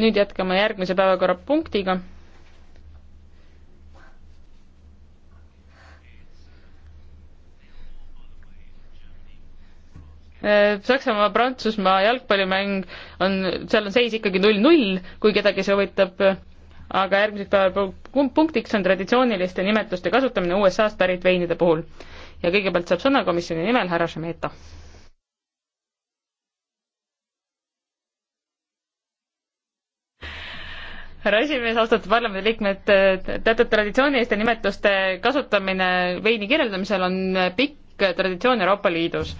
nüüd jätkame järgmise päevakorrapunktiga. Äh, Saksamaa, Prantsusmaa jalgpallimäng on, seal on seis ikkagi null-null, kui kedagi see huvitab, aga järgmiseks päevapunktiks on traditsiooniliste nimetuste kasutamine USA-st pärit veinide puhul. ja kõigepealt saab sõna komisjoni nimel härra Šemeta härra esimees, austatud parlamendiliikmed, teatud traditsiooniliste nimetuste kasutamine veini kirjeldamisel on pikk traditsioon Euroopa Liidus.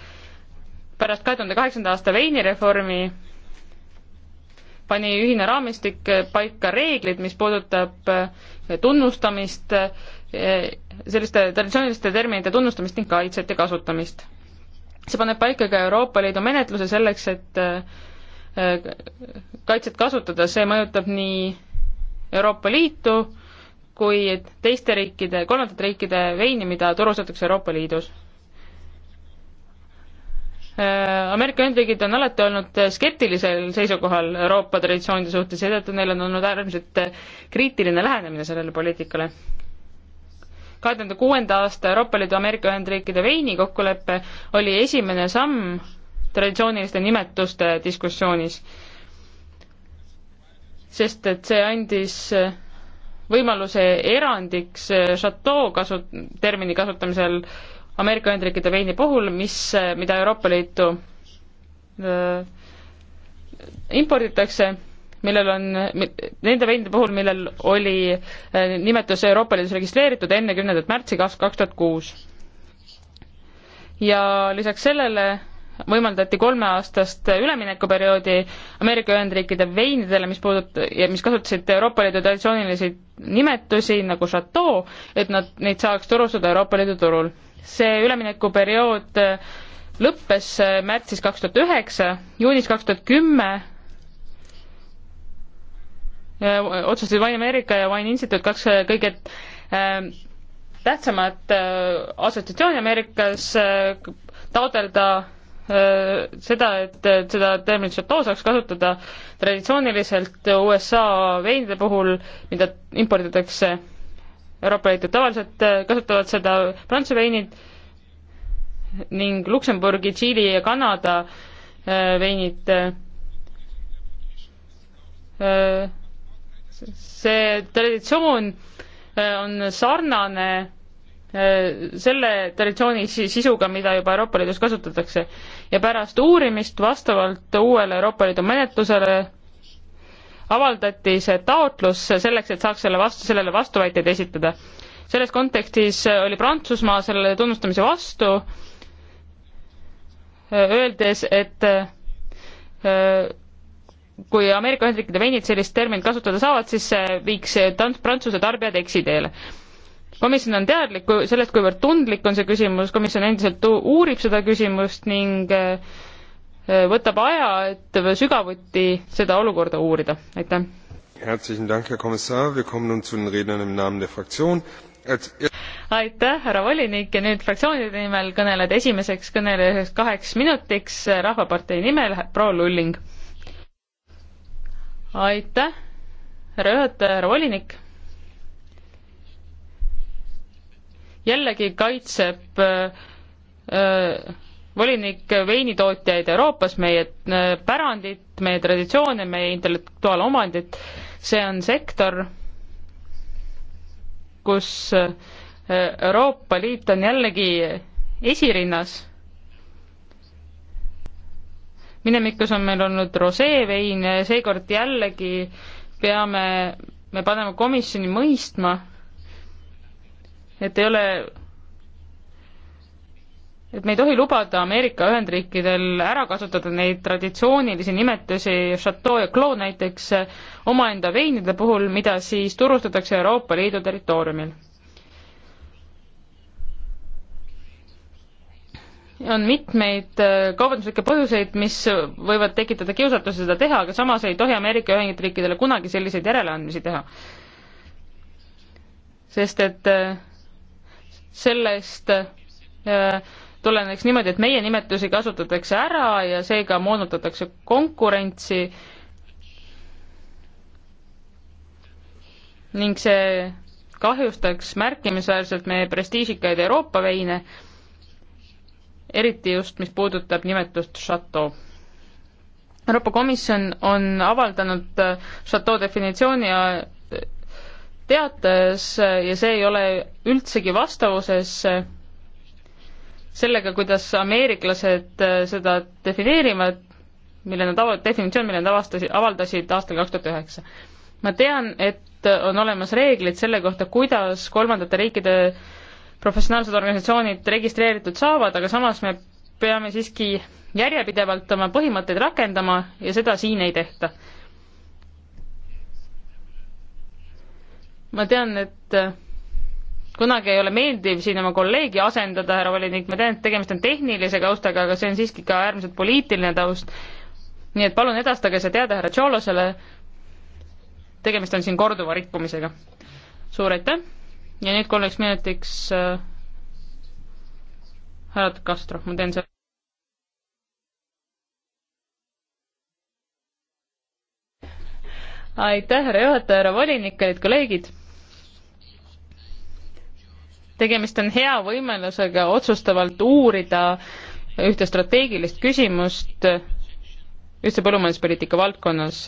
pärast kahe tuhande kaheksanda aasta veinireformi pani ühine raamistik paika reeglid, mis puudutab tunnustamist, selliste traditsiooniliste terminite tunnustamist ning kaitset ja kasutamist. see paneb paika ka Euroopa Liidu menetluse selleks, et kaitset kasutada, see mõjutab nii Euroopa Liitu kui teiste riikide, kolmandate riikide veini, mida turustatakse Euroopa Liidus. Äh, Ameerika Ühendriigid on alati olnud skeptilisel seisukohal Euroopa traditsioonide suhtes, seetõttu neil on olnud äärmiselt kriitiline lähenemine sellele poliitikale. kahe tuhande kuuenda aasta Euroopa Liidu Ameerika Ühendriikide veini kokkulepe oli esimene samm traditsiooniliste nimetuste diskussioonis sest et see andis eh, võimaluse erandiks Chateau eh, kasu-, termini kasutamisel Ameerika Ühendriikide veini puhul, mis, eh, mida Euroopa Liitu äh, imporditakse, millel on, nende veinide puhul, millel oli äh, nimetus Euroopa Liidus registreeritud enne kümnendat märtsi kaks, kaks tuhat kuus. ja lisaks sellele võimaldati kolmeaastast üleminekuperioodi Ameerika Ühendriikide veinidele, mis puudut- ja mis kasutasid Euroopa Liidu traditsioonilisi nimetusi nagu Chateau, et nad, neid saaks turustada Euroopa Liidu turul. see üleminekuperiood äh, lõppes äh, märtsis kaks tuhat üheksa, juunis kaks tuhat kümme äh, otsustasid Wine America ja Wine Institute kaks kõige äh, tähtsamat äh, assotsiatsiooni Ameerikas äh, taotleda Äh, seda, et seda terminit Chateau saaks kasutada traditsiooniliselt USA veinide puhul, mida imporditakse Euroopa Liitu, tavaliselt äh, kasutavad seda Prantsuse veinid ning Luksemburgi, Tšiili ja Kanada äh, veinid. see traditsioon on sarnane selle traditsiooni sisuga, mida juba Euroopa Liidus kasutatakse. ja pärast uurimist vastavalt uuele Euroopa Liidu menetlusele avaldati see taotlus selleks, et saaks selle vastu, sellele vastuväiteid esitada. selles kontekstis oli Prantsusmaa selle tunnustamise vastu, öeldes, et kui Ameerika Ühendriikide veinid sellist terminit kasutada saavad, siis see viiks Prantsuse tarbijad eksiteele komisjon on teadlik sellest, kuivõrd tundlik on see küsimus, komisjon endiselt uurib seda küsimust ning äh, äh, võtab aja, et sügavuti seda olukorda uurida, aitäh. aitäh, härra volinik ja nüüd fraktsioonide nimel kõneled esimeseks kõnelejaks kaheks minutiks Rahvapartei nimel proua Lulling. aitäh, härra juhataja, härra volinik jällegi kaitseb äh, äh, volinik veinitootjaid Euroopas, meie äh, pärandit, meie traditsioone, meie intellektuaalomandit. see on sektor, kus Euroopa Liit on jällegi esirinnas. minevikus on meil olnud roseevein ja seekord jällegi peame me paneme komisjoni mõistma, et ei ole, et me ei tohi lubada Ameerika Ühendriikidel ära kasutada neid traditsioonilisi nimetusi, Chateau ja Clos näiteks, omaenda veinide puhul, mida siis turustatakse Euroopa Liidu territooriumil. on mitmeid äh, kaubanduslikke põhjuseid, mis võivad tekitada kiusatuse seda teha, aga samas ei tohi Ameerika Ühendriikidele kunagi selliseid järeleandmisi teha. sest et äh, sellest äh, tuleneks niimoodi, et meie nimetusi kasutatakse ära ja seega moonutatakse konkurentsi ning see kahjustaks märkimisväärselt meie prestiižikaid Euroopa veine, eriti just, mis puudutab nimetust Chateau. Euroopa Komisjon on avaldanud Chateau äh, definitsiooni teatas ja see ei ole üldsegi vastavuses sellega, kuidas ameeriklased äh, seda defineerivad, mille nad ava-, definitsioon, mille nad avastasid, avaldasid aastal kaks tuhat üheksa. ma tean, et on olemas reeglid selle kohta, kuidas kolmandate riikide professionaalsed organisatsioonid registreeritud saavad, aga samas me peame siiski järjepidevalt oma põhimõtteid rakendama ja seda siin ei tehta ma tean, et äh, kunagi ei ole meeldiv siin oma kolleegi asendada, härra volinik, ma tean, et tegemist on tehnilise taustaga, aga see on siiski ka äärmiselt poliitiline taust. nii et palun edastage see teade härra Tšolosele, tegemist on siin korduva rikkumisega. suur aitäh ja nüüd kolmeks minutiks äh, härra Castro, ma teen selle aitäh, härra juhataja, härra volinik, kallid kolleegid tegemist on hea võimalusega otsustavalt uurida ühte strateegilist küsimust ühtse põllumajanduspoliitika valdkonnas.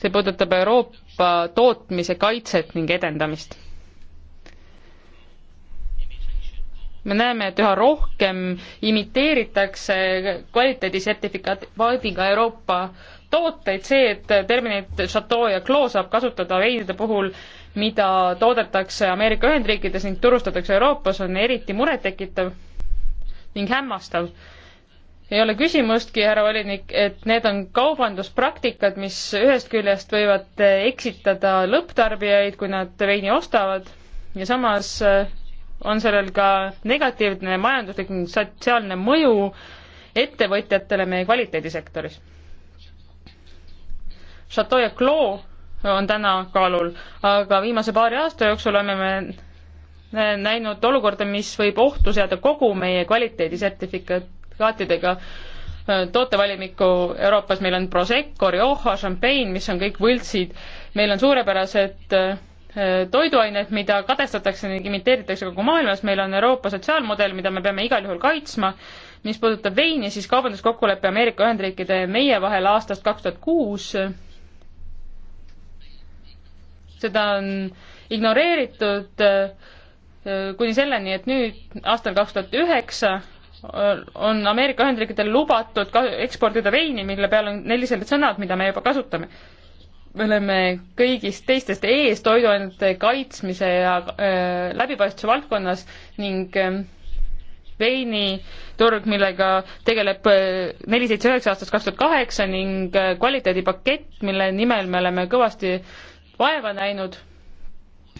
see puudutab Euroopa tootmise kaitset ning edendamist. me näeme, et üha rohkem imiteeritakse kvaliteedisertifikaadiga Euroopa tooteid, see, et terminit Chateau ja Clos saab kasutada veinide puhul, mida toodetakse Ameerika Ühendriikides ning turustatakse Euroopas, on eriti murettekitav ning hämmastav. ei ole küsimustki, härra volinik, et need on kaubanduspraktikad, mis ühest küljest võivad eh, eksitada lõpptarbijaid, kui nad veini ostavad ja samas eh, on sellel ka negatiivne majanduslik ning sotsiaalne mõju ettevõtjatele meie kvaliteedisektoris. Chateau ja Clos on täna kaalul, aga viimase paari aasta jooksul oleme me näinud olukorda, mis võib ohtu seada kogu meie kvaliteedisertifikaatidega tootevalimiku Euroopas, meil on Prosecco, Rioja, Champagne, mis on kõik võltsid, meil on suurepärased äh, toiduained, mida kadestatakse ning imiteeritakse kogu maailmas, meil on Euroopa sotsiaalmudel, mida me peame igal juhul kaitsma, mis puudutab veini, siis kaubanduskokkulepe Ameerika Ühendriikide ja meie vahel aastast kaks tuhat kuus seda on ignoreeritud äh, kuni selleni, et nüüd aastal kaks tuhat üheksa on Ameerika Ühendriikidel lubatud ka eksportida veini, mille peal on sellised sõnad, mida me juba kasutame. me oleme kõigist teistest ees toiduainete kaitsmise ja äh, läbipaistvuse valdkonnas ning äh, veiniturg, millega tegeleb äh, neli seitse üheksa aastast kaks tuhat kaheksa ning äh, kvaliteedipakett, mille nimel me oleme kõvasti äh, vaeva näinud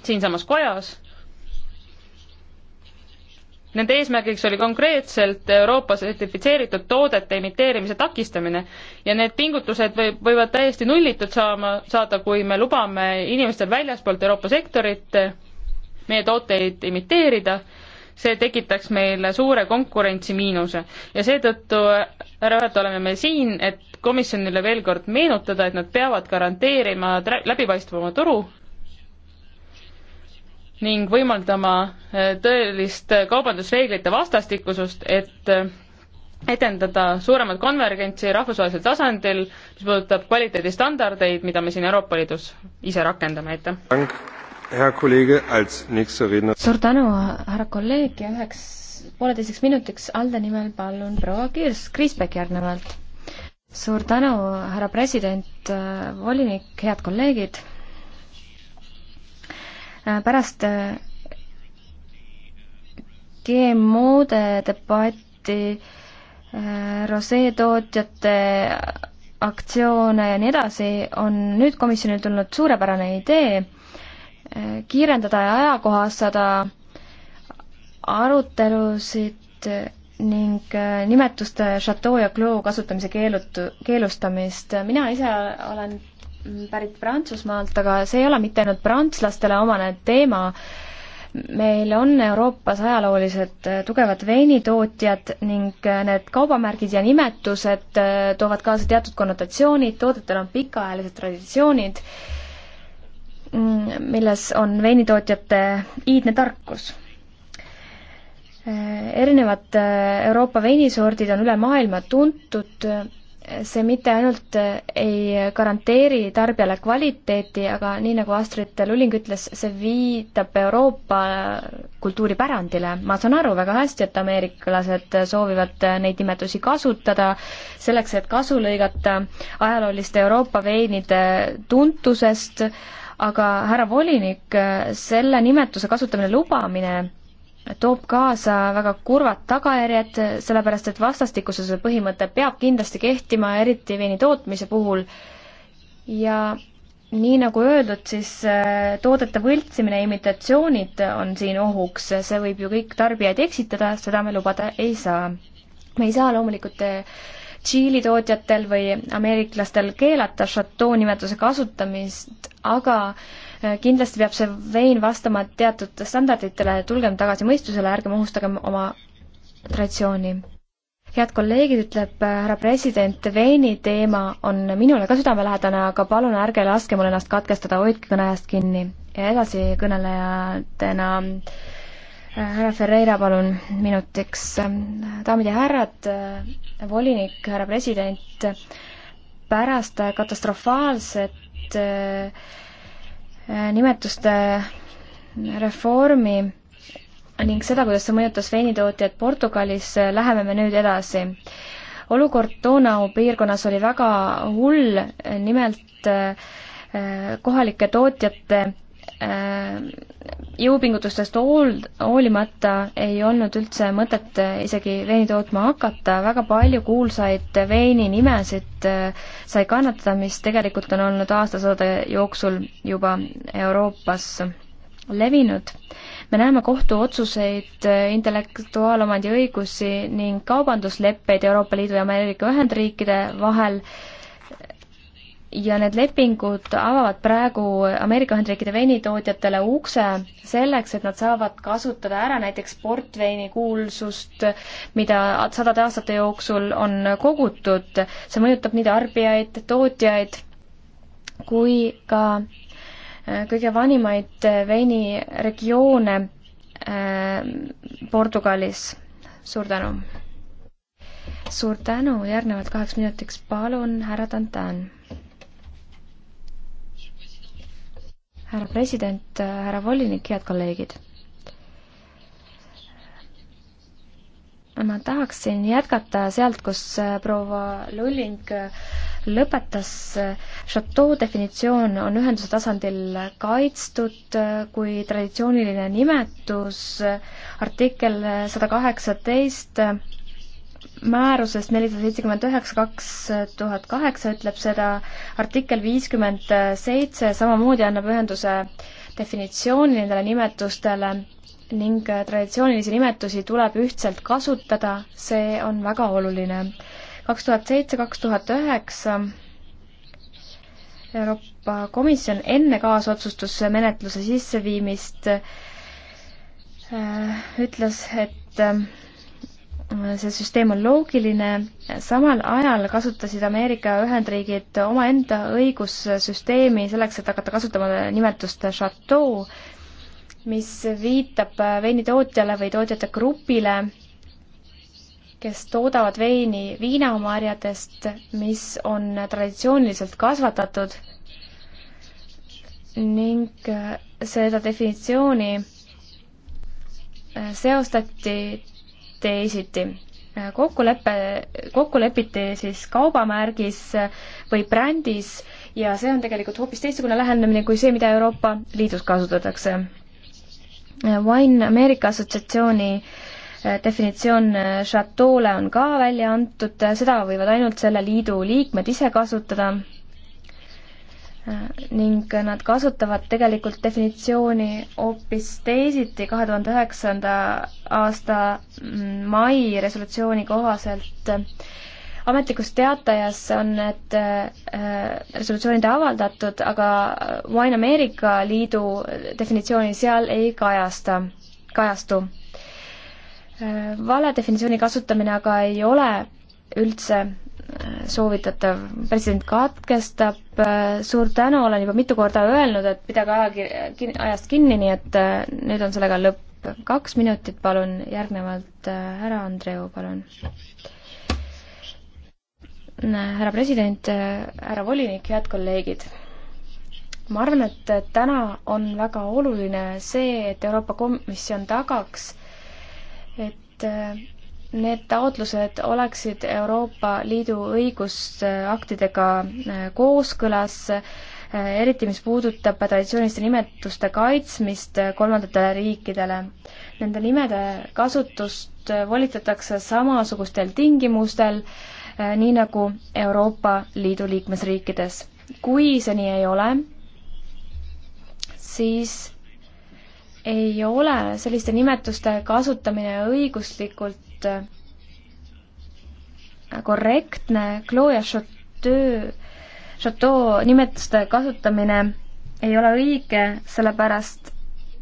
siinsamas kojas. Nende eesmärgiks oli konkreetselt Euroopas sertifitseeritud toodete imiteerimise takistamine ja need pingutused võib, võivad täiesti nullitud saama, saada, kui me lubame inimestel väljaspoolt Euroopa sektorit meie tooteid imiteerida see tekitaks meile suure konkurentsimiinuse ja seetõttu härra Õet oleme me siin, et komisjonile veel kord meenutada, et nad peavad garanteerima läbipaistvama turu ning võimaldama eh, tõelist kaubandusreeglite vastastikusust, et eh, edendada suuremat konvergentsi rahvusvahelisel tasandil, mis puudutab kvaliteedistandardeid, mida me siin Euroopa Liidus ise rakendame, aitäh! suur tänu, härra kolleeg ja üheks pooleteiseks minutiks ALDE nimel palun proua Kirs Kriisbeck järgnevalt. suur tänu, härra president, volinik, head kolleegid. pärast GMO-de debatti, roseetootjate aktsioone ja nii edasi, on nüüd komisjonil tulnud suurepärane idee kiirendada ja ajakohastada arutelusid ning äh, nimetuste Chateau ja Clos kasutamise keelut-, keelustamist. mina ise olen pärit Prantsusmaalt, aga see ei ole mitte ainult prantslastele omane teema, meil on Euroopas ajaloolised äh, tugevad veinitootjad ning äh, need kaubamärgid ja nimetused toovad kaasa teatud konnotatsioonid, toodetel on pikaajalised traditsioonid Mm, milles on veinitootjate iidne tarkus eh, erinevad eh, Euroopa veinisordid on üle maailma tuntud, see mitte ainult eh, ei garanteeri tarbijale kvaliteeti, aga nii, nagu Astrid Luling ütles, see viitab Euroopa kultuuripärandile. ma saan aru väga hästi, et ameeriklased soovivad neid nimetusi kasutada selleks, et kasu lõigata ajalooliste Euroopa veinide tuntusest, aga härra volinik, selle nimetuse kasutamine lubamine toob kaasa väga kurvad tagajärjed, sellepärast et vastastikususe põhimõte peab kindlasti kehtima, eriti veini tootmise puhul. ja nii nagu öeldud, siis äh, toodete võltsimine ja imitatsioonid on siin ohuks, see võib ju kõik tarbijaid eksitada, seda me lubada ei saa. me ei saa loomulikult äh, Tšiili tootjatel või ameeriklastel keelata Chateau nimetuse kasutamist, aga äh, kindlasti peab see vein vastama teatud standarditele, tulgem tagasi mõistusele, ärgem ohustagem oma traditsiooni. head kolleegid, ütleb äh, härra president, veini teema on minule ka südamelähedane, aga palun ärge laske mul ennast katkestada, hoidke kõne eest kinni. ja edasi kõnelejatena äh, härra Ferreira, palun minutiks. daamid ja härrad, volinik, härra president, pärast katastrofaalset äh, nimetuste reformi ning seda, kuidas see mõjutas veinitootjad Portugalis, läheme me nüüd edasi. olukord Donau piirkonnas oli väga hull, nimelt äh, kohalike tootjate Äh, jõupingutustest hool-, hoolimata ei olnud üldse mõtet isegi veini tootma hakata, väga palju kuulsaid veininimesid äh, sai kannatada, mis tegelikult on olnud aastasadade jooksul juba Euroopas levinud. me näeme kohtuotsuseid, äh, intellektuaalomandi õigusi ning kaubandusleppeid Euroopa Liidu ja Ameerika Ühendriikide vahel äh,, ja need lepingud avavad praegu Ameerika Ühendriikide veinitootjatele ukse selleks, et nad saavad kasutada ära näiteks portveini kuulsust, mida sadade aastate jooksul on kogutud. see mõjutab nii tarbijaid, tootjaid kui ka äh, kõige vanimaid äh, veiniregioone äh, Portugalis. suur tänu! suur tänu, järgnevalt kaheks minutiks palun härra Tantan. härra president, härra volinik, head kolleegid. ma tahaksin jätkata sealt, kus äh, proua Lulling äh, lõpetas, šatoo definitsioon on ühenduse tasandil kaitstud äh, kui traditsiooniline nimetus, artikkel sada kaheksateist määrusest nelisada seitsekümmend üheksa kaks tuhat kaheksa ütleb seda, artikkel viiskümmend seitse samamoodi annab ühenduse definitsiooni nendele nimetustele ning traditsioonilisi nimetusi tuleb ühtselt kasutada, see on väga oluline. kaks tuhat seitse, kaks tuhat üheksa Euroopa Komisjon enne kaasotsustusmenetluse sisseviimist äh, ütles, et äh, see süsteem on loogiline, samal ajal kasutasid Ameerika Ühendriigid omaenda õigussüsteemi selleks, et hakata kasutama nimetust Chateau, mis viitab veinitootjale või tootjate grupile, kes toodavad veini viinamarjadest, mis on traditsiooniliselt kasvatatud ning seda definitsiooni seostati teisiti. kokkulepe, kokku lepiti siis kaubamärgis või brändis ja see on tegelikult hoopis teistsugune lähenemine kui see, mida Euroopa Liidus kasutatakse. Wine Ameerika Assotsiatsiooni äh, definitsioon Chateau'le äh, on ka välja antud, äh, seda võivad ainult selle liidu liikmed ise kasutada ning nad kasutavad tegelikult definitsiooni hoopis teisiti kahe tuhande üheksanda aasta mm, mai resolutsiooni kohaselt. ametlikus teatajas on need äh, resolutsioonid avaldatud, aga Wine Ameerika Liidu definitsiooni seal ei kajasta, kajastu. Äh, vale definitsiooni kasutamine aga ei ole üldse soovitatav, president katkestab, suur tänu, olen juba mitu korda öelnud, et pidage ajakir-, ajast kinni, nii et äh, nüüd on sellega lõpp. kaks minutit, palun, järgnevalt äh, härra Andreu, palun. Äh, härra president, härra volinik, head kolleegid ma arvan, et täna on väga oluline see, et Euroopa Komisjon tagaks, et need taotlused oleksid Euroopa Liidu õigusaktidega äh, kooskõlas, äh, eriti mis puudutab traditsiooniliste nimetuste kaitsmist äh, kolmandatele riikidele. Nende nimede kasutust volitatakse samasugustel tingimustel, nii nagu Euroopa Liidu liikmesriikides. kui see nii ei ole, siis ei ole selliste nimetuste kasutamine õiguslikult olnud äh, korrektne, Chloe ja Chateau, Chateau nimetuste kasutamine ei ole õige, sellepärast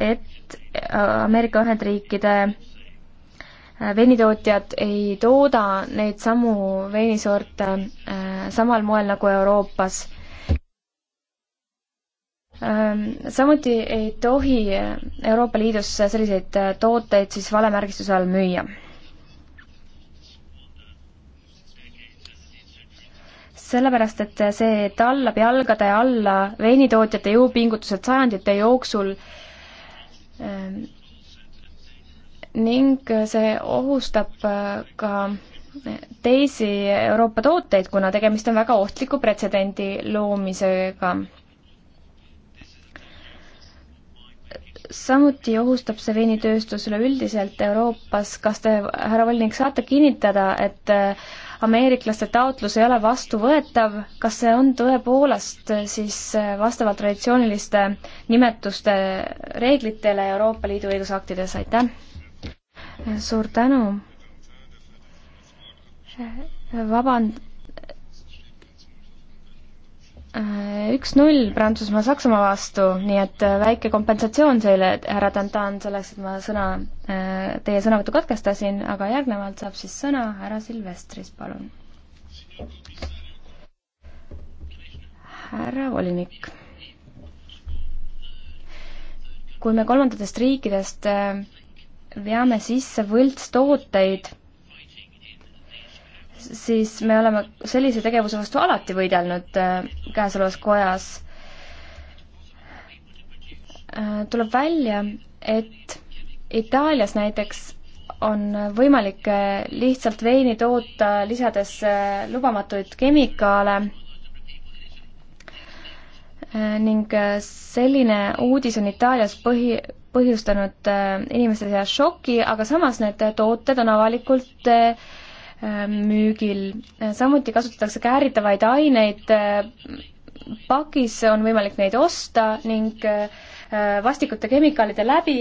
et äh, Ameerika Ühendriikide äh, veinitootjad ei tooda neid samu veinisorte samal moel nagu Euroopas. Ähm, samuti ei tohi Euroopa Liidus selliseid tooteid siis valemärgistuse all müüa sellepärast, et see tallab jalgade alla veinitootjate jõupingutused sajandite jooksul ning see ohustab ka teisi Euroopa tooteid, kuna tegemist on väga ohtliku pretsedendi loomisega. samuti ohustab see veinitööstus üleüldiselt Euroopas, kas te, härra volinik, saate kinnitada, et ameeriklaste taotlus ei ole vastuvõetav, kas see on tõepoolest siis vastavalt traditsiooniliste nimetuste reeglitele Euroopa Liidu õigusaktides, aitäh! suur tänu! vaband-, Äh, üks-null Prantsusmaa Saksamaa vastu, nii et äh, väike kompensatsioon teile, härra Dantan, selleks, et ma sõna, äh, teie sõnavõttu katkestasin, aga järgnevalt saab siis sõna härra Silvestris, palun. härra volinik. kui me kolmandatest riikidest veame sisse võltstooteid, siis me oleme sellise tegevuse vastu alati võidelnud äh, käesolevas kojas. Äh, tuleb välja, et Itaalias näiteks on võimalik äh, lihtsalt veini toota, lisades lubamatuid kemikaale ning selline uudis on Itaalias põhi, põhjustanud inimeste seas šoki, aga samas need tooted on avalikult äh, müügil. samuti kasutatakse kääritavaid aineid, pakis on võimalik neid osta ning äh, vastikute kemikaalide läbi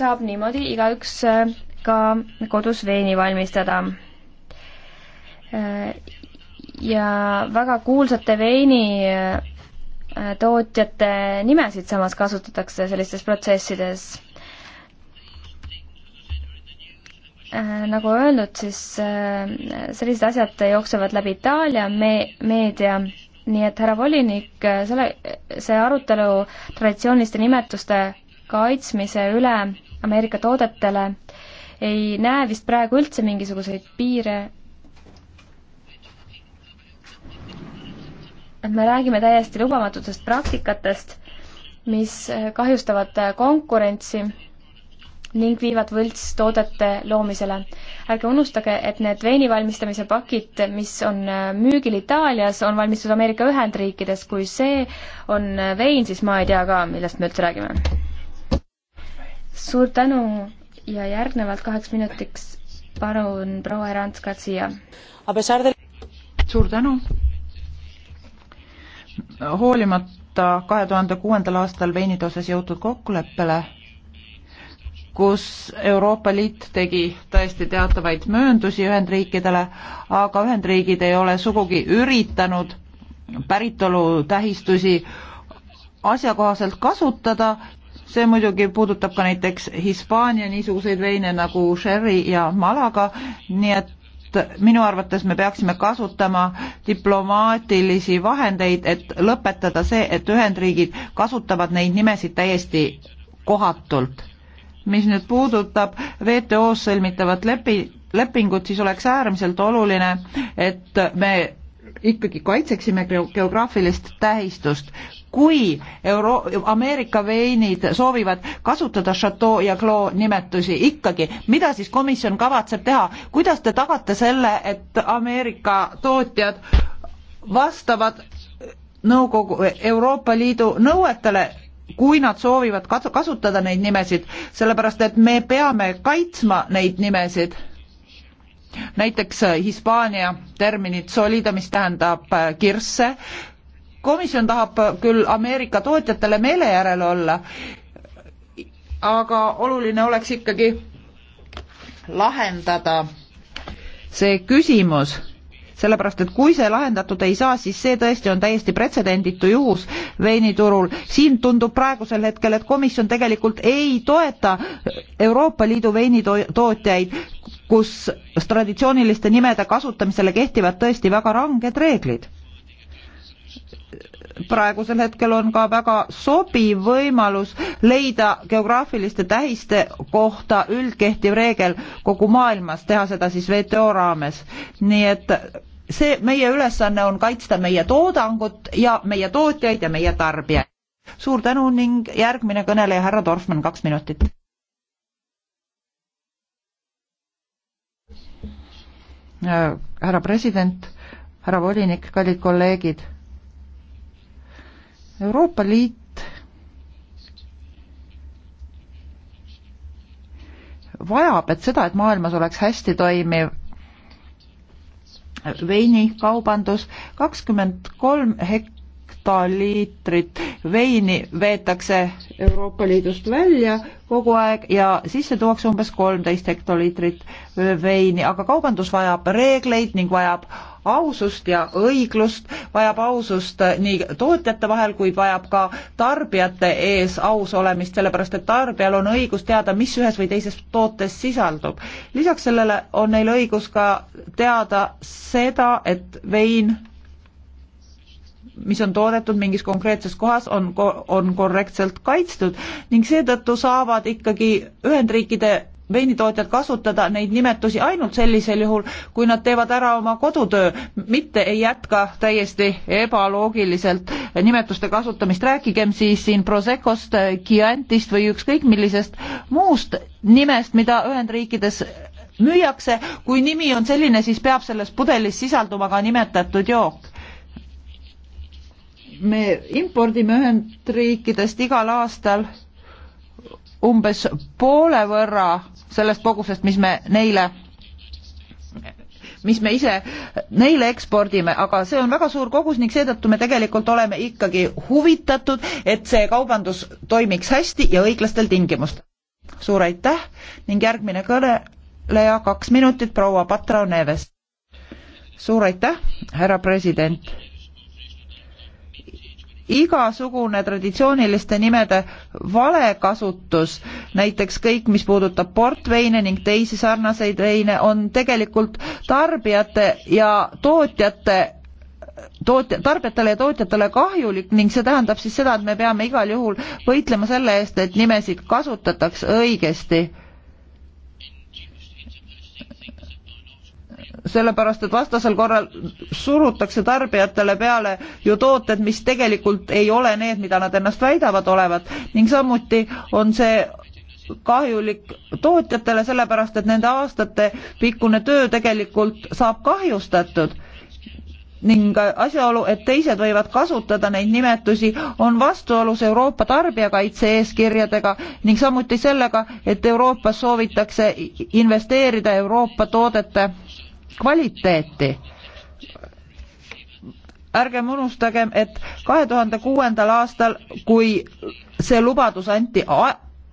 saab niimoodi igaüks äh, ka kodus veini valmistada äh, ja väga kuulsate veinitootjate nimesid samas kasutatakse sellistes protsessides. Äh, nagu öeldud, siis äh, sellised asjad jooksevad läbi Itaalia me-, meedia, nii et härra volinik, äh, selle, see arutelu traditsiooniliste nimetuste kaitsmise üle Ameerika toodetele ei näe vist praegu üldse mingisuguseid piire. et me räägime täiesti lubamatutest praktikatest, mis kahjustavad konkurentsi ning viivad võltstoodete loomisele. ärge unustage, et need veini valmistamise pakid, mis on äh, müügil Itaalias, on valmistatud Ameerika Ühendriikides, kui see on äh, vein, siis ma ei tea ka, millest me üldse räägime. suur tänu ja järgnevalt kaheks minutiks palun proua Erants Katsia. suur tänu. hoolimata kahe tuhande kuuendal aastal veinide osas jõutud kokkuleppele kus Euroopa Liit tegi tõesti teatavaid mööndusi Ühendriikidele, aga Ühendriigid ei ole sugugi üritanud päritolutähistusi asjakohaselt kasutada, see muidugi puudutab ka näiteks Hispaania niisuguseid veine nagu Sherry ja Malaga, nii et minu arvates me peaksime kasutama diplomaatilisi vahendeid, et lõpetada see, et Ühendriigid kasutavad neid nimesid täiesti kohatult mis nüüd puudutab WTO-s sõlmitavat lepi, lepingut, siis oleks äärmiselt oluline, et me ikkagi kaitseksime geograafilist tähistust. kui Euro-, Ameerika veinid soovivad kasutada Chateau ja Clos nimetusi ikkagi, mida siis komisjon kavatseb teha, kuidas te tagate selle, et Ameerika tootjad vastavad nõukogu, Euroopa Liidu nõuetele kui nad soovivad kasutada neid nimesid, sellepärast et me peame kaitsma neid nimesid. näiteks äh, Hispaania terminit solida, mis tähendab äh, kirsse. komisjon tahab äh, küll Ameerika tootjatele meele järel olla, aga oluline oleks ikkagi lahendada see küsimus sellepärast et kui see lahendatud ei saa, siis see tõesti on täiesti pretsedenditu juhus veiniturul. siin tundub praegusel hetkel, et komisjon tegelikult ei toeta Euroopa Liidu veinitootjaid, kus traditsiooniliste nimede kasutamisele kehtivad tõesti väga ranged reeglid praegusel hetkel on ka väga sobiv võimalus leida geograafiliste tähiste kohta üldkehtiv reegel kogu maailmas, teha seda siis WTO raames. nii et see meie ülesanne on kaitsta meie toodangut ja meie tootjaid ja meie tarbijaid. suur tänu ning järgmine kõneleja, härra Dorfmann, kaks minutit. härra president, härra volinik, kallid kolleegid. Euroopa Liit vajab, et seda, et maailmas oleks hästi toimiv veinikaubandus, kakskümmend kolm hektoliitrit veini veetakse Euroopa Liidust välja kogu aeg ja sisse tuuakse umbes kolmteist hektoliitrit veini, aga kaubandus vajab reegleid ning vajab ausust ja õiglust, vajab ausust nii tootjate vahel, kuid vajab ka tarbijate ees aus olemist, sellepärast et tarbijal on õigus teada, mis ühes või teises tootes sisaldub. lisaks sellele on neil õigus ka teada seda, et vein mis on toodetud mingis konkreetses kohas, on, on korrektselt kaitstud ning seetõttu saavad ikkagi Ühendriikide veinitootjad kasutada neid nimetusi ainult sellisel juhul, kui nad teevad ära oma kodutöö, mitte ei jätka täiesti ebaloogiliselt nimetuste kasutamist, rääkigem siis siin Prosecost, Chiantist või ükskõik millisest muust nimest, mida Ühendriikides müüakse, kui nimi on selline, siis peab selles pudelis sisalduma ka nimetatud jook. me impordime Ühendriikidest igal aastal umbes poole võrra sellest kogusest, mis me neile mis me ise neile ekspordime, aga see on väga suur kogus ning seetõttu me tegelikult oleme ikkagi huvitatud, et see kaubandus toimiks hästi ja õiglastel tingimustel. suur aitäh ning järgmine kõneleja, kaks minutit, proua Patra Neves. suur aitäh, härra president igasugune traditsiooniliste nimede valekasutus, näiteks kõik, mis puudutab portveine ning teisi sarnaseid veine, on tegelikult tarbijate ja tootjate tootja, tarbijatele ja tootjatele kahjulik ning see tähendab siis seda, et me peame igal juhul võitlema selle eest, et nimesid kasutataks õigesti sellepärast, et vastasel korral surutakse tarbijatele peale ju tooted, mis tegelikult ei ole need, mida nad ennast väidavad olevat ning samuti on see kahjulik tootjatele, sellepärast et nende aastate pikkune töö tegelikult saab kahjustatud ning asjaolu, et teised võivad kasutada neid nimetusi, on vastuolus Euroopa tarbijakaitse eeskirjadega ning samuti sellega, et Euroopas soovitakse investeerida Euroopa toodete kvaliteeti. ärgem unustagem, et kahe tuhande kuuendal aastal, kui see lubadus anti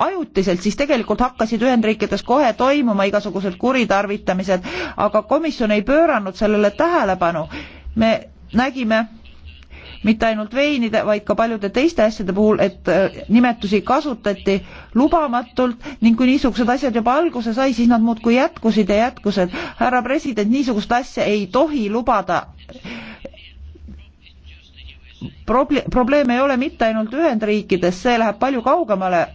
ajutiselt, siis tegelikult hakkasid Ühendriikides kohe toimuma igasugused kuritarvitamised, aga komisjon ei pööranud sellele tähelepanu. me nägime mitte ainult veinide, vaid ka paljude teiste asjade puhul, et äh, nimetusi kasutati lubamatult ning kui niisugused asjad juba alguse sai, siis nad muudkui jätkusid ja jätkusid. härra president, niisugust asja ei tohi lubada proble-, probleem ei ole mitte ainult Ühendriikides, see läheb palju kaugemale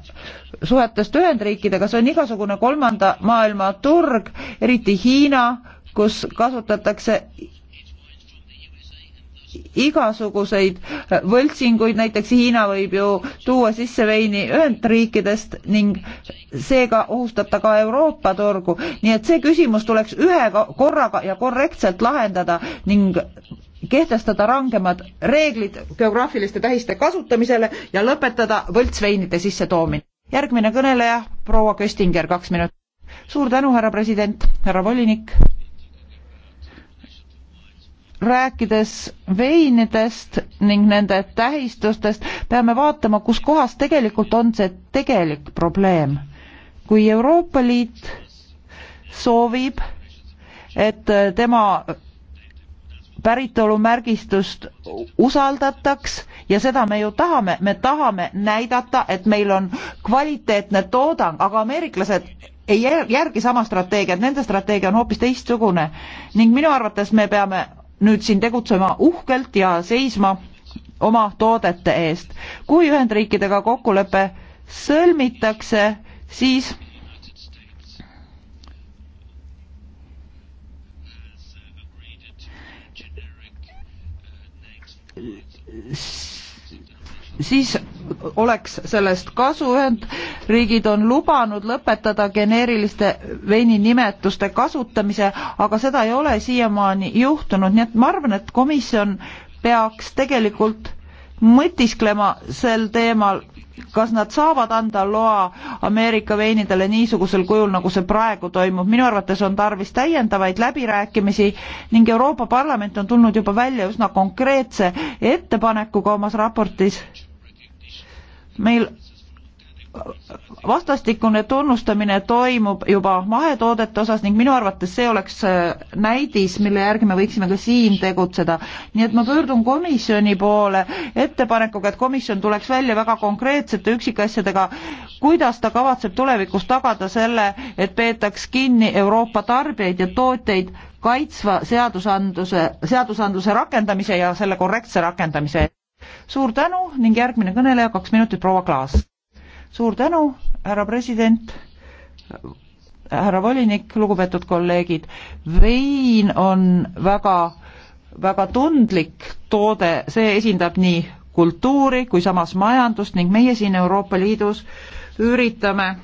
suhetest Ühendriikidega, see on igasugune kolmanda maailma turg, eriti Hiina, kus kasutatakse igasuguseid võltsinguid, näiteks Hiina võib ju tuua sisse veini Ühendriikidest ning seega ohustab ta ka Euroopa turgu. nii et see küsimus tuleks ühe korraga ja korrektselt lahendada ning kehtestada rangemad reeglid geograafiliste tähiste kasutamisele ja lõpetada võltsveinide sissetoomine. järgmine kõneleja, proua Köstinger, kaks minutit. suur tänu, härra president, härra volinik rääkides veinidest ning nende tähistustest, peame vaatama, kus kohas tegelikult on see tegelik probleem. kui Euroopa Liit soovib, et tema päritolumärgistust usaldataks ja seda me ju tahame, me tahame näidata, et meil on kvaliteetne toodang, aga ameeriklased ei järgi sama strateegiat, nende strateegia on hoopis teistsugune ning minu arvates me peame nüüd siin tegutsema uhkelt ja seisma oma toodete eest. kui Ühendriikidega kokkulepe sõlmitakse, siis siis oleks sellest kasu, Ühendriigid on lubanud lõpetada geneeriliste veininimetuste kasutamise, aga seda ei ole siiamaani juhtunud, nii et ma arvan, et komisjon peaks tegelikult mõtisklema sel teemal, kas nad saavad anda loa Ameerika veinidele niisugusel kujul, nagu see praegu toimub. minu arvates on tarvis täiendavaid läbirääkimisi ning Euroopa Parlament on tulnud juba välja üsna konkreetse ettepanekuga omas raportis meil vastastikune tunnustamine toimub juba mahetoodete osas ning minu arvates see oleks äh, näidis, mille järgi me võiksime ka siin tegutseda. nii et ma pöördun komisjoni poole ettepanekuga, et komisjon tuleks välja väga konkreetsete üksikasjadega, kuidas ta kavatseb tulevikus tagada selle, et peetaks kinni Euroopa tarbijaid ja tootjaid kaitsva seadusandluse, seadusandluse rakendamise ja selle korrektse rakendamise suur tänu ning järgmine kõneleja kaks minutit, proua Klaas. suur tänu, härra president, härra volinik, lugupeetud kolleegid. vein on väga, väga tundlik toode, see esindab nii kultuuri kui samas majandust ning meie siin Euroopa Liidus üritame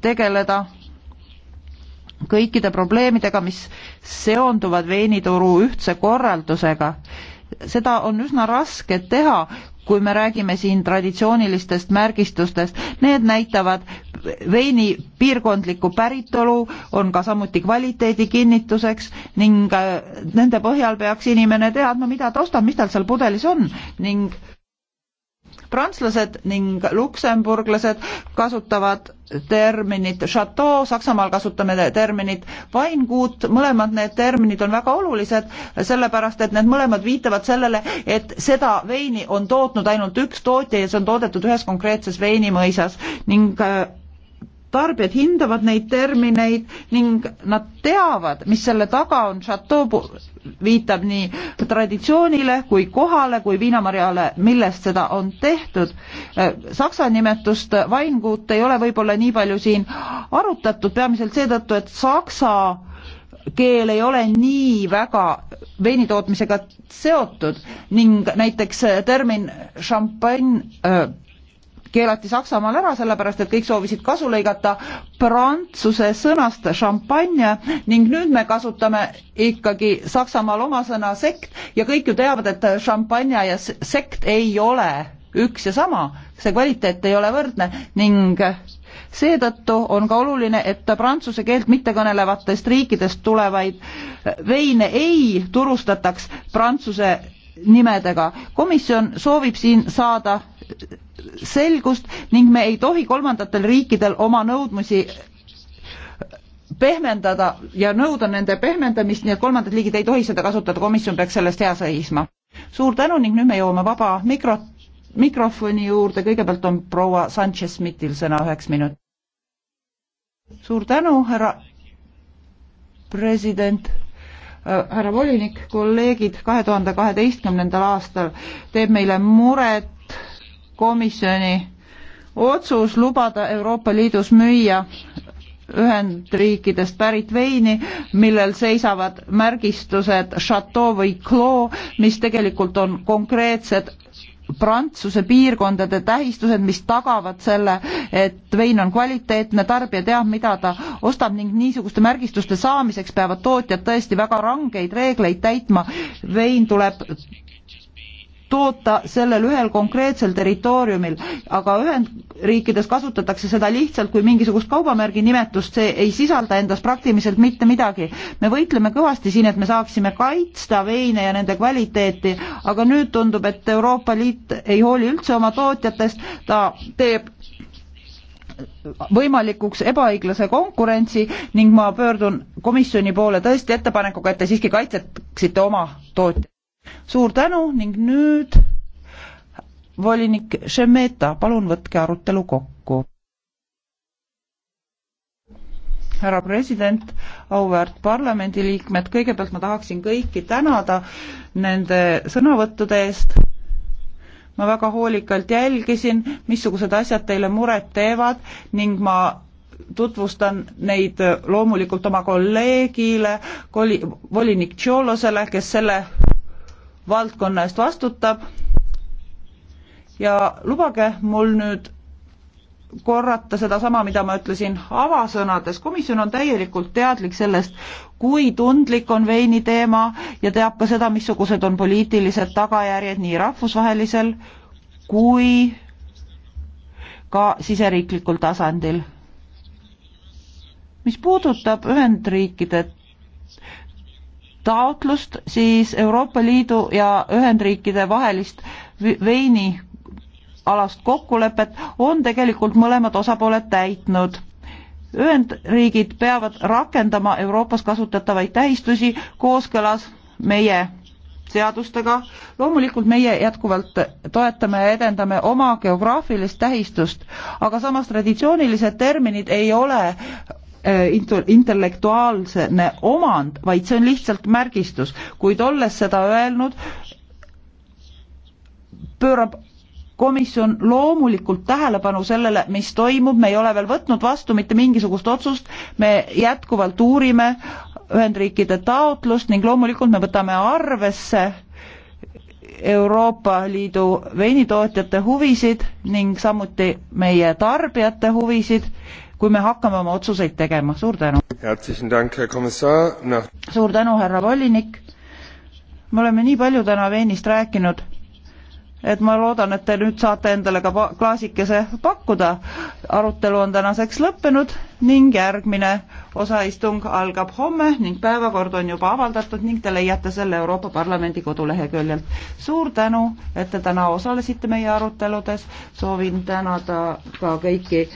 tegeleda kõikide probleemidega, mis seonduvad veinituru ühtse korraldusega seda on üsna raske teha, kui me räägime siin traditsioonilistest märgistustest, need näitavad veini piirkondlikku päritolu, on ka samuti kvaliteedi kinnituseks ning äh, nende põhjal peaks inimene teadma, mida ta ostab, mis tal seal pudelis on ning prantslased ning luksemburglased kasutavad terminit chateau, Saksamaal kasutame terminit vainkuut, mõlemad need terminid on väga olulised, sellepärast et need mõlemad viitavad sellele, et seda veini on tootnud ainult üks tootja ja see on toodetud ühes konkreetses veinimõisas ning äh, tarbijad hindavad neid termineid ning nad teavad, mis selle taga on, Chateau viitab nii traditsioonile kui kohale kui viinamarjale, millest seda on tehtud. Äh, saksa nimetust vainkuut ei ole võib-olla nii palju siin arutatud, peamiselt seetõttu, et saksa keel ei ole nii väga veinitootmisega seotud ning näiteks termin šampann äh, keelati Saksamaal ära, sellepärast et kõik soovisid kasu lõigata prantsuse sõnast šampanje ning nüüd me kasutame ikkagi Saksamaal oma sõna sekt ja kõik ju teavad, et šampanje ja sekt ei ole üks ja sama, see kvaliteet ei ole võrdne ning seetõttu on ka oluline, et prantsuse keelt mittekõnelevatest riikidest tulevaid veine ei turustataks prantsuse nimedega. komisjon soovib siin saada selgust ning me ei tohi kolmandatel riikidel oma nõudmusi pehmendada ja nõuda nende pehmendamist, nii et kolmandad liigid ei tohi seda kasutada, komisjon peaks sellest hea seisma. suur tänu ning nüüd me jõuame vaba mikro, mikrofoni juurde, kõigepealt on proua Sanchez-Smithil sõna üheks minut-. suur tänu, härra president äh, härra volinik, kolleegid, kahe tuhande kaheteistkümnendal aastal teeb meile muret komisjoni otsus lubada Euroopa Liidus müüa Ühendriikidest pärit veini, millel seisavad märgistused Chateau või Clos, mis tegelikult on konkreetsed Prantsuse piirkondade tähistused, mis tagavad selle, et vein on kvaliteetne, tarbija teab, mida ta ostab ning niisuguste märgistuste saamiseks peavad tootjad tõesti väga rangeid reegleid täitma. vein tuleb toota sellel ühel konkreetsel territooriumil, aga Ühendriikides kasutatakse seda lihtsalt kui mingisugust kaubamärgi nimetust, see ei sisalda endas praktiliselt mitte midagi. me võitleme kõvasti siin, et me saaksime kaitsta veine ja nende kvaliteeti, aga nüüd tundub, et Euroopa Liit ei hooli üldse oma tootjatest, ta teeb võimalikuks ebaõiglase konkurentsi ning ma pöördun komisjoni poole tõesti ettepanekuga, et te siiski kaitseksite oma tootjat suur tänu ning nüüd volinik Šemeta, palun võtke arutelu kokku. härra president, auväärt parlamendiliikmed, kõigepealt ma tahaksin kõiki tänada nende sõnavõttude eest. ma väga hoolikalt jälgisin, missugused asjad teile muret teevad ning ma tutvustan neid loomulikult oma kolleegile, volinik Tšolosele, kes selle valdkonna eest vastutab. ja lubage mul nüüd korrata sedasama, mida ma ütlesin avasõnades, komisjon on täielikult teadlik sellest, kui tundlik on veini teema ja teab ka seda, missugused on poliitilised tagajärjed nii rahvusvahelisel kui ka siseriiklikul tasandil. mis puudutab Ühendriikide taotlust, siis Euroopa Liidu ja Ühendriikide vahelist veini alast kokkulepet on tegelikult mõlemad osapooled täitnud. Ühendriigid peavad rakendama Euroopas kasutatavaid tähistusi kooskõlas meie seadustega. loomulikult meie jätkuvalt toetame ja edendame oma geograafilist tähistust, aga samas traditsioonilised terminid ei ole Äh, intellektuaalne omand, vaid see on lihtsalt märgistus, kuid olles seda öelnud, pöörab komisjon loomulikult tähelepanu sellele, mis toimub, me ei ole veel võtnud vastu mitte mingisugust otsust, me jätkuvalt uurime Ühendriikide taotlust ning loomulikult me võtame arvesse Euroopa Liidu veinitootjate huvisid ning samuti meie tarbijate huvisid kui me hakkame oma otsuseid tegema, suur tänu. suur tänu, härra volinik. me oleme nii palju täna Veenist rääkinud et ma loodan, et te nüüd saate endale ka klaasikese pakkuda. arutelu on tänaseks lõppenud ning järgmine osaistung algab homme ning päevakord on juba avaldatud ning te leiate selle Euroopa Parlamendi koduleheküljelt. suur tänu, et te täna osalesite meie aruteludes, soovin tänada ka kõiki,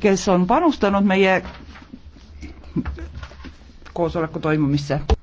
kes on panustanud meie koosoleku toimumisse.